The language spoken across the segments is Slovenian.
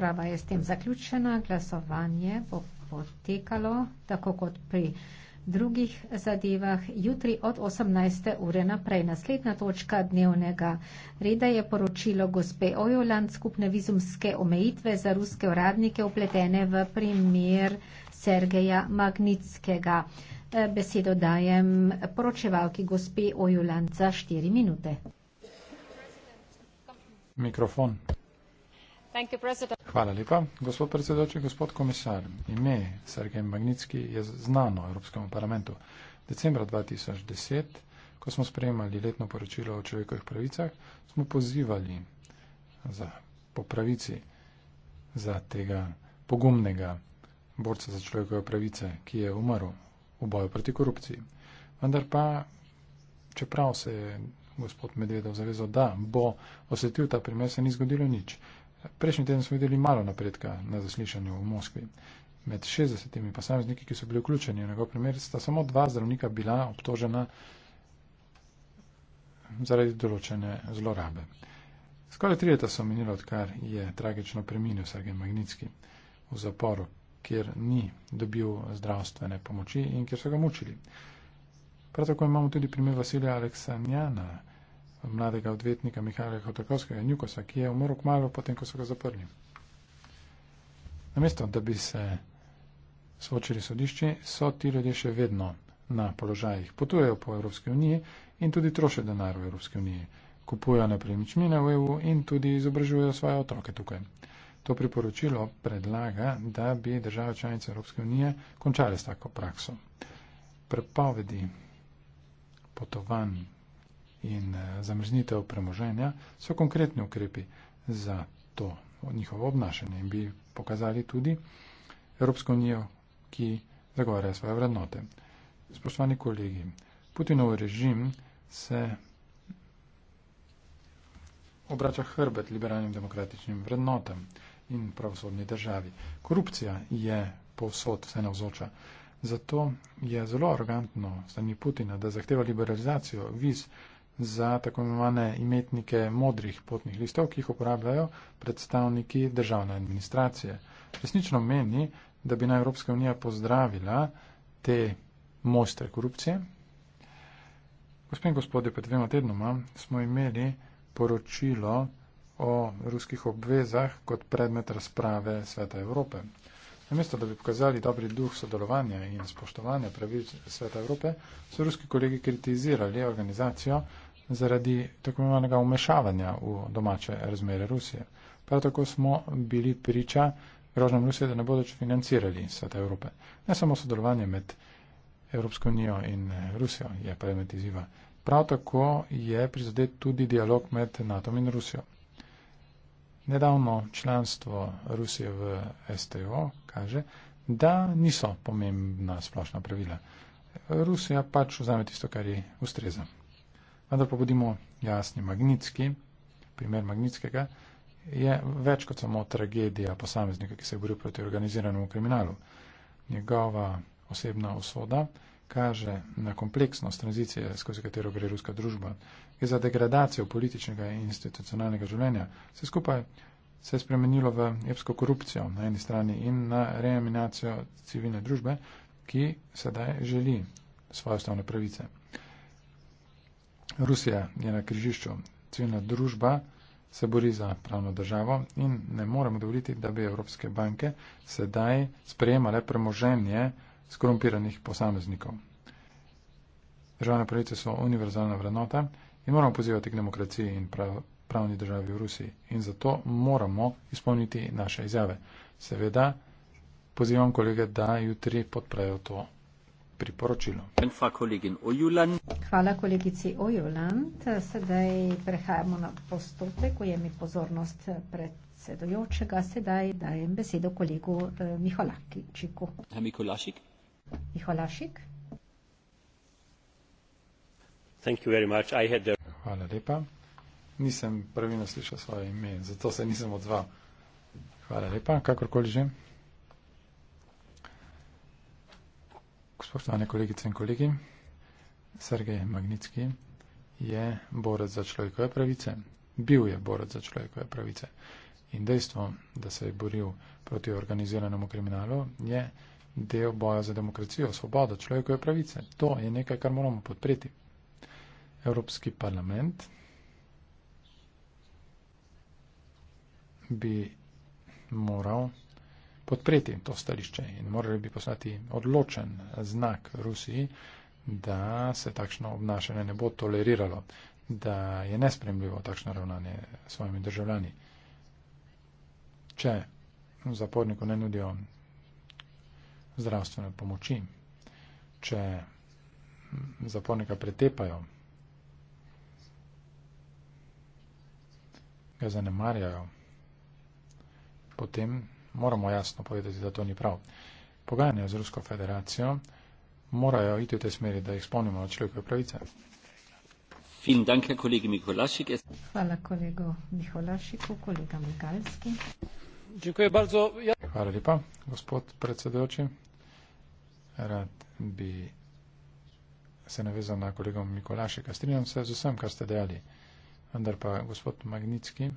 Razprava je s tem zaključena, glasovanje bo potekalo tako kot pri drugih zadevah jutri od 18. ure naprej. Naslednja točka dnevnega reda je poročilo gospe Ojoland skupne vizumske omejitve za ruske uradnike upletene v primer Sergeja Magnitskega. Eh, besedo dajem poročevalki gospe Ojoland za 4 minute. Mikrofon. Hvala lepa, gospod predsedoči, gospod komisar. Ime Sergej Magnitski je znano Evropskemu parlamentu. Decembra 2010, ko smo sprejemali letno poročilo o človekovih pravicah, smo pozivali za, po pravici za tega pogumnega borca za človekove pravice, ki je umrl v boju proti korupciji. Vendar pa, čeprav se je gospod Medvedov zavezal, da bo osvetil ta primer, se ni zgodilo nič. Prejšnji teden smo videli malo napredka na zaslišanju v Moskvi. Med 60 posamezniki, ki so bili vključeni v njegov primer, sta samo dva zdravnika bila obtožena zaradi določene zlorabe. Skoraj tri leta so minilo, odkar je tragično preminil Sergej Magnitski v zaporu, kjer ni dobil zdravstvene pomoči in kjer so ga mučili. Prav tako imamo tudi primer Vasilija Aleksanjana, mladega odvetnika Mihajla Hotakovskega Njukosa, ki je umrl kmalo potem, ko so ga zaprli. Namesto, da bi se soočili sodišči, so ti ljudje še vedno na položajih. Potujejo po Evropski uniji in tudi trošijo denar v Evropski uniji. Kupujejo nepremičnine v EU in tudi izobražujejo svoje otroke tukaj. To priporočilo predlaga, da bi države članice Evropske unije končale s tako prakso. Prepovedi potovanj in eh, zamrznitev premoženja, so konkretni ukrepi za to njihovo obnašanje in bi pokazali tudi Evropsko unijo, ki zagovarja svoje vrednote. Spoštovani kolegi, Putinov režim se obrača hrbet liberalnim demokratičnim vrednotam in pravosodni državi. Korupcija je povsod vse navzoča. Zato je zelo arrogantno strani Putina, da zahteva liberalizacijo viz za tako imenovane imetnike modrih potnih listov, ki jih uporabljajo predstavniki državne administracije. Resnično meni, da bi naj Evropska unija pozdravila te mojstre korupcije. Gospe in gospodje, pred dvema tednoma smo imeli poročilo o ruskih obvezah kot predmet razprave Sveta Evrope. Namesto, da bi pokazali dobri duh sodelovanja in spoštovanja pravil Sveta Evrope, so ruski kolegi kritizirali organizacijo, zaradi tako imenovanega umešavanja v domače razmere Rusije. Prav tako smo bili priča grožnjam Rusije, da ne bodo več financirali Sveta Evrope. Ne samo sodelovanje med Evropsko unijo in eh, Rusijo je predmet izziva. Prav tako je prizadet tudi dialog med NATO in Rusijo. Nedavno članstvo Rusije v STO kaže, da niso pomembna splošna pravila. Rusija pač vzame tisto, kar ji ustreza. Vendar pa bodimo jasni, magnitski, primer magnitskega, je več kot samo tragedija posameznika, ki se je boril proti organiziranemu kriminalu. Njegova osebna usoda kaže na kompleksnost tranzicije, skozi katero gre ruska družba, je za degradacijo političnega in institucionalnega življenja. Vse skupaj se je spremenilo v epsko korupcijo na eni strani in na reaminacijo civilne družbe, ki sedaj želi svoje ustavne pravice. Rusija je na križišču. Civilna družba se bori za pravno državo in ne moremo dovoliti, da bi evropske banke sedaj sprejemale premoženje skorumpiranih posameznikov. Državne pravice so univerzalna vrednota in moramo pozivati k demokraciji in prav, pravni državi v Rusiji. In zato moramo izpolniti naše izjave. Seveda pozivam kolege, da jutri podprejo to priporočilo. Hvala kolegici Ojuland. Sedaj prehajamo na postopek, ko je mi pozornost pred. Sedajočega sedaj dajem besedo kolegu eh, Miholašiku. Miholašik. Miholašik. The... Hvala lepa. Nisem pravilno slišal svoje ime, zato se nisem odzval. Hvala lepa, kakorkoli že. Spoštovane kolegice in kolegi, Sergej Magnitski je borec za človekove pravice, bil je borec za človekove pravice. In dejstvo, da se je boril proti organiziranemu kriminalu, je del boja za demokracijo, svobodo, človekove pravice. To je nekaj, kar moramo podpreti. Evropski parlament bi moral podpreti to stališče in morali bi poslati odločen znak Rusiji, da se takšno obnašanje ne bo toleriralo, da je nespremljivo takšno ravnanje s svojimi državljani. Če zaporniku ne nudijo zdravstvene pomoči, če zapornika pretepajo, ga zanemarjajo, potem moramo jasno povedati, da to ni prav. Pogajanja z Rusko federacijo morajo iti v tej smeri, da jih spomnimo na človekove pravice. Hvala kolegu Miholašiku, kolega Mikalski. Ja- Hvala lepa, gospod predsedujoči. Rad bi se navezal na kolegom Mikolašika. Strinjam se z vsem, kar ste dejali. Vendar pa gospod Magnitski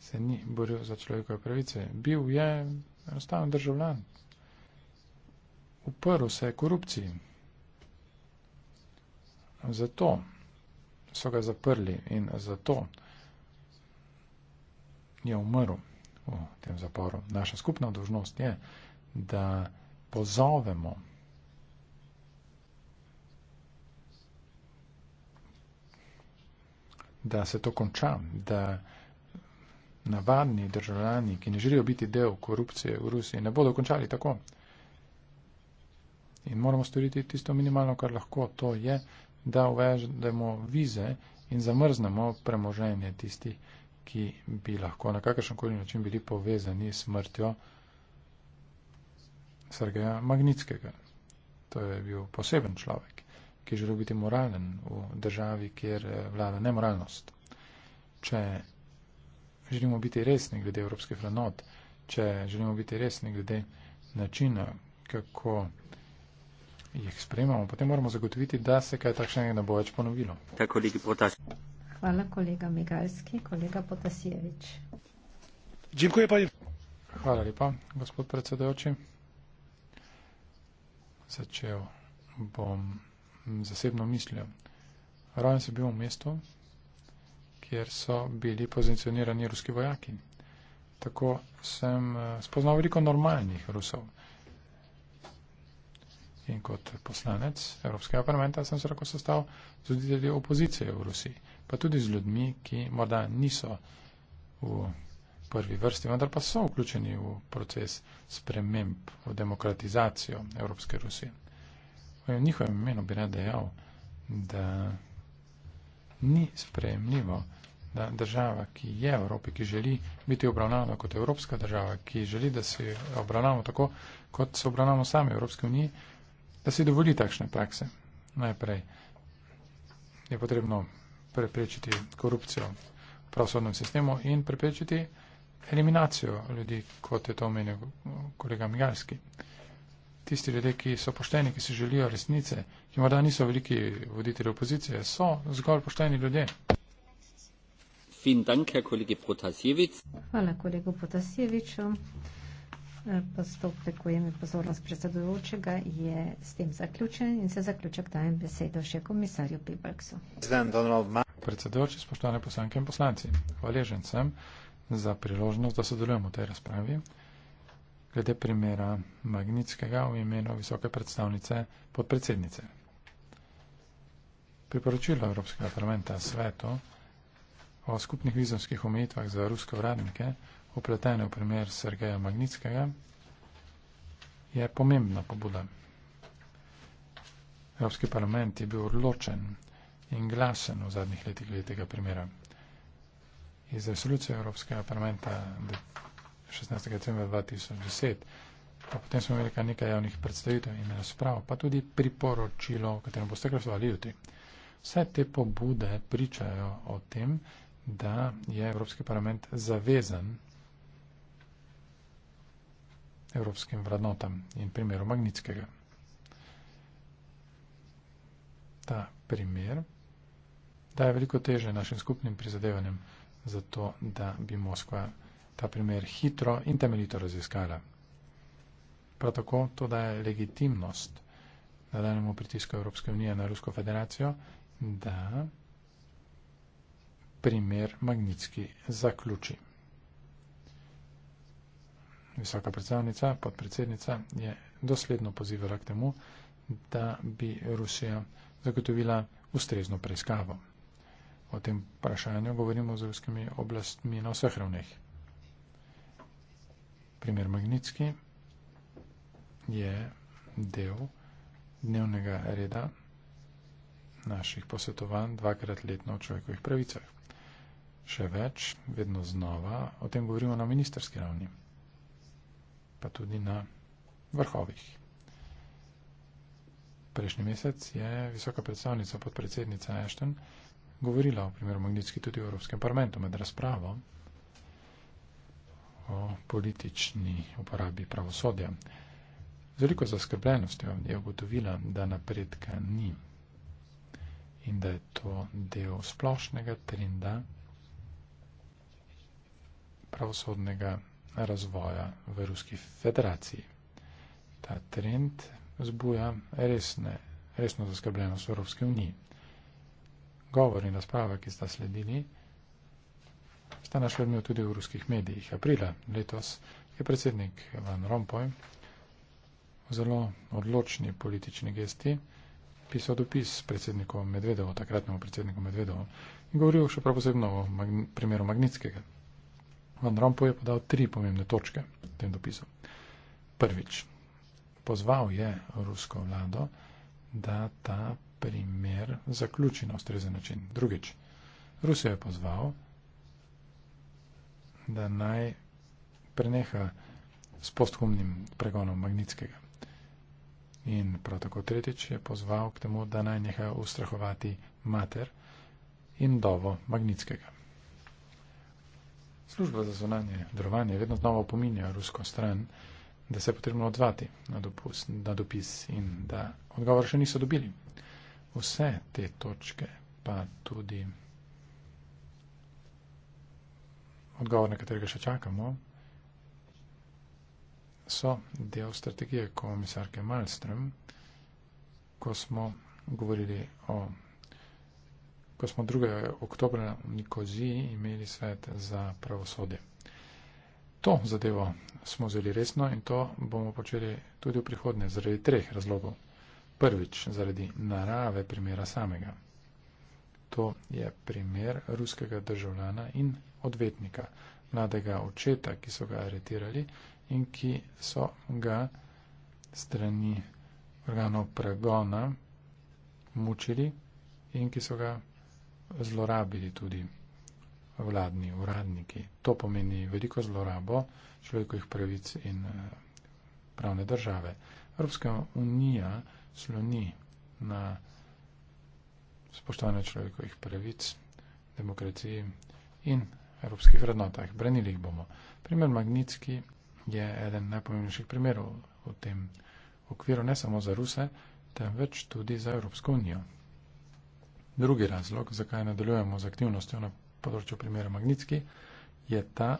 se ni boril za človekove pravice. Bil je enostavno državljan. Uprl se je korupciji. Zato so ga zaprli in zato je umrl v tem zaporu. Naša skupna dožnost je, da pozovemo da se to konča, da navadni državljani, ki ne želijo biti del korupcije v Rusiji, ne bodo končali tako. In moramo storiti tisto minimalno, kar lahko to je, da uvedemo vize in zamrznemo premoženje tistih, ki bi lahko na kakršen koli način bili povezani s smrtjo Sergeja Magnitskega. To je bil poseben človek, ki želi biti moralen v državi, kjer vlada nemoralnost. Če želimo biti resni glede evropske vrednot, če želimo biti resni glede načina, kako jih sprejemamo, potem moramo zagotoviti, da se kaj takšnega ne bo več ponovilo. Hvala, kolega Megalski, kolega Potasjevič. Hvala lepa, gospod predsedajoči. Začel bom zasebno mislijo. Rojen sem bil v mestu, kjer so bili pozicionirani ruski vojaki. Tako sem eh, spoznal veliko normalnih Rusov. In kot poslanec Evropskega parlamenta sem se lahko sestal z voditelji opozicije v Rusiji, pa tudi z ljudmi, ki morda niso v prvi vrsti, vendar pa so vključeni v proces sprememb, v demokratizacijo Evropske Rusije. V njihovem imenu bi rad dejal, da ni sprejemljivo, da država, ki je v Evropi, ki želi biti obravnavana kot evropska država, ki želi, da se obravnamo tako, kot se obravnamo sami v Evropski uniji, da si dovoli takšne prakse. Najprej je potrebno preprečiti korupcijo v pravosodnem sistemu in preprečiti eliminacijo ljudi, kot je to omenil kolega Migalski tisti ljudje, ki so pošteni, ki si želijo resnice, ki morda niso veliki voditelji opozicije, so zgolj pošteni ljudje. Dank, Hvala kolegu Potasjeviču. Postopek v imenu pozornost predsedujočega je s tem zaključen in se zaključek dajem besedo še komisarju Pibalksu. Predsedujoči, spoštovane poslanke in poslanci, hvaležen sem za priložnost, da sodelujemo v tej razpravi glede primera Magnitskega v imenu visoke predstavnice podpredsednice. Priporočilo Evropskega parlamenta svetu o skupnih vizovskih omejitvah za ruske uradnike, upletene v primer Sergeja Magnitskega, je pomembna pobuda. Evropski parlament je bil odločen in glasen v zadnjih letih glede tega primera. Iz resolucije Evropskega parlamenta 16. decembra 2010. Pa potem smo imeli kar nekaj javnih predstavitev in razprav, pa tudi priporočilo, o katerem boste glasovali jutri. Vse te pobude pričajo o tem, da je Evropski parlament zavezan evropskim vrednotam in primeru Magnitskega. Ta primer daje veliko teže našim skupnim prizadevanjem za to, da bi Moskva ta primer hitro in temeljito raziskala. Prav tako to daje legitimnost nadaljemu pritisku Evropske unije na Rusko federacijo, da primer Magnitski zaključi. Visoka predstavnica, podpredsednica je dosledno pozivala k temu, da bi Rusija zagotovila ustrezno preiskavo. O tem vprašanju govorimo z ruskimi oblastmi na vseh ravneh primer magnetski, je del dnevnega reda naših posvetovanj dvakrat letno o človekovih pravicah. Še več, vedno znova, o tem govorimo na ministerski ravni, pa tudi na vrhovih. Prejšnji mesec je visoka predstavnica, podpredsednica Ashton, govorila o primeru Magnitski tudi v Evropskem parlamentu med razpravo o politični uporabi pravosodja. Z veliko zaskrbljenostjo je ugotovila, da napredka ni in da je to del splošnega trenda pravosodnega razvoja v Ruski federaciji. Ta trend zbuja resne, resno zaskrbljenost v Evropski uniji. Govor in razprava, ki sta sledili, sta našla mil tudi v ruskih medijih. Aprila letos je predsednik Van Rompuy v zelo odločni politični gesti pisal dopis predsedniku Medvedovu, takratnemu predsedniku Medvedovu, in govoril še prav posebno o magn primeru Magnitskega. Van Rompuy je podal tri pomembne točke v tem dopisu. Prvič, pozval je rusko vlado, da ta primer zaključi na ustrezen način. Drugič, Rusijo je pozval, da naj preneha s posthumnim pregonom Magnitskega. In prav tako tretjič je pozval k temu, da naj neha ustrahovati mater in dovo Magnitskega. Služba za zvonanje drovanje vedno znova opominja rusko stran, da se je potrebno odzvati na, dopus, na dopis in da odgovor še niso dobili. Vse te točke pa tudi. odgovor, na katerega še čakamo, so del strategije komisarke Malmström, ko smo govorili o. Ko smo 2. oktobra v Nikoziji imeli svet za pravosodje. To zadevo smo vzeli resno in to bomo počeli tudi v prihodnje zaradi treh razlogov. Prvič, zaradi narave primera samega. To je primer ruskega državljana in odvetnika, mladega očeta, ki so ga aretirali in ki so ga strani organov pregona mučili in ki so ga zlorabili tudi vladni uradniki. To pomeni veliko zlorabo človekovih pravic in eh, pravne države. Evropska unija sloni na spoštovanje človekovih pravic, demokraciji in evropskih vrednotah. Branili jih bomo. Primer Magnitski je eden najpomembnejših primerov v tem okviru, ne samo za Ruse, temveč tudi za Evropsko unijo. Drugi razlog, zakaj nadaljujemo z aktivnostjo na področju primera Magnitski, je ta,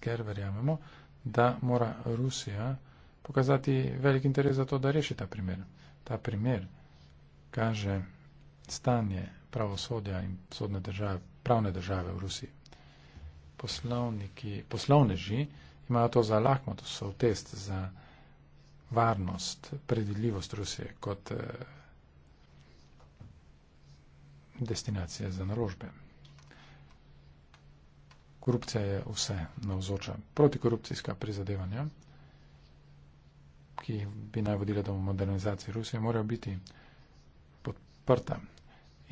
ker verjamemo, da mora Rusija pokazati velik interes za to, da reši ta primer. Ta primer kaže stanje pravosodja in sodne države, pravne države v Rusiji poslovniki, poslovneži imajo to za lakmotosov test, za varnost, predvidljivost Rusije kot eh, destinacije za narožbe. Korupcija je vse navzoča. Protikorupcijska prizadevanja, ki bi naj vodila do modernizacije Rusije, morajo biti podprta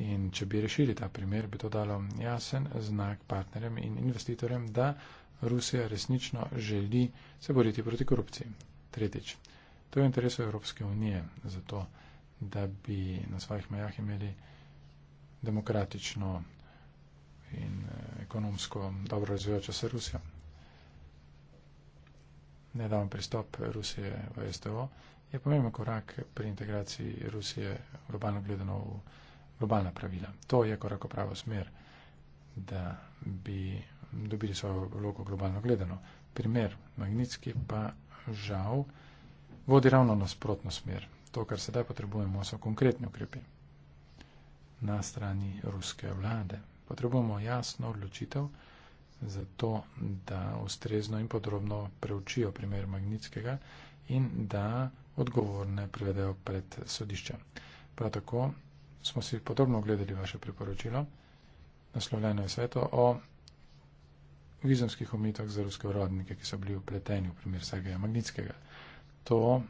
In če bi rešili ta primer, bi to dalo jasen znak partnerjem in investitorjem, da Rusija resnično želi se boriti proti korupciji. Tretjič, to je v interesu Evropske unije, zato da bi na svojih mejah imeli demokratično in eh, ekonomsko dobro razvijajočo se Rusijo. Nedavn pristop Rusije v STO je pomemben korak pri integraciji Rusije globalno gledano v Evropi globalna pravila. To je korak v pravo smer, da bi dobili svojo vlogo globalno gledano. Primer magnetski pa žal vodi ravno nasprotno smer. To, kar sedaj potrebujemo, so konkretni ukrepi na strani ruske vlade. Potrebujemo jasno odločitev za to, da ustrezno in podrobno preučijo primer magnetskega in da odgovorne privedejo pred sodišče. Prav tako smo si podrobno ogledali vaše priporočilo, naslovljeno je sveto o vizemskih omitah za ruske urodnike, ki so bili upleteni v primer Sergeja Magnitskega. To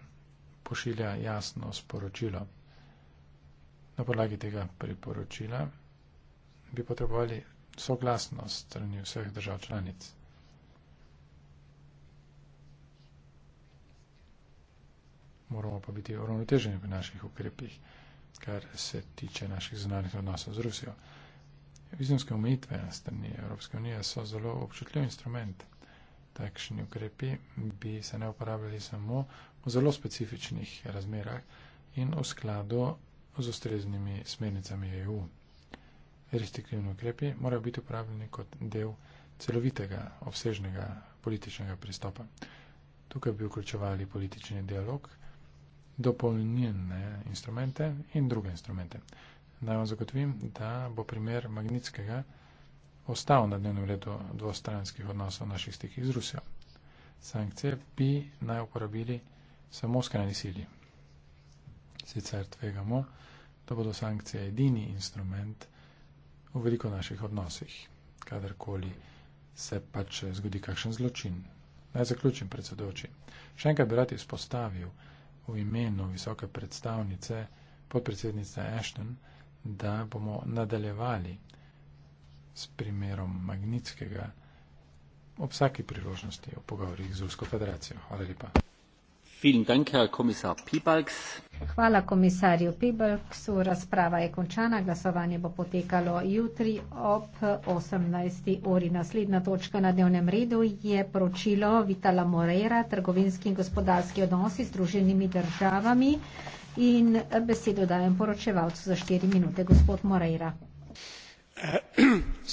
pošilja jasno sporočilo. Na podlagi tega priporočila bi potrebovali soglasnost strani vseh držav članic. Moramo pa biti uravnoteženi v naših ukrepih kar se tiče naših zunanjih odnosov z Rusijo. Vizumske omejitve na strani Evropske unije so zelo občutljiv instrument. Takšni ukrepi bi se ne uporabljali samo v zelo specifičnih razmerah in v skladu z ustreznimi smernicami EU. Restriktivni ukrepi morajo biti uporabljeni kot del celovitega, obsežnega političnega pristopa. Tukaj bi vključevali politični dialog, dopolnilne instrumente in druge instrumente. Naj vam zagotovim, da bo primer magnitskega ostal na dnevnem redu dvostranskih odnosov naših stikih z Rusijo. Sankcije bi naj uporabili samo skrajni sili. Sicer tvegamo, da bodo sankcije edini instrument v veliko naših odnosih, kadarkoli se pač zgodi kakšen zločin. Naj zaključim, predsedujoči. Še enkrat bi rad izpostavil, da v imenu visoke predstavnice, podpredsednice Ashton, da bomo nadaljevali s primerom Magnitskega ob vsaki priložnosti o pogovorih z Rusko federacijo. Hvala lepa. Hvala komisarju Pibalksu. Razprava je končana. Glasovanje bo potekalo jutri ob 18. uri. Naslednja točka na dnevnem redu je poročilo Vitala Morera, trgovinski in gospodarski odnosi z druženimi državami. In besedo dajem poročevalcu za štiri minute. Gospod Morera.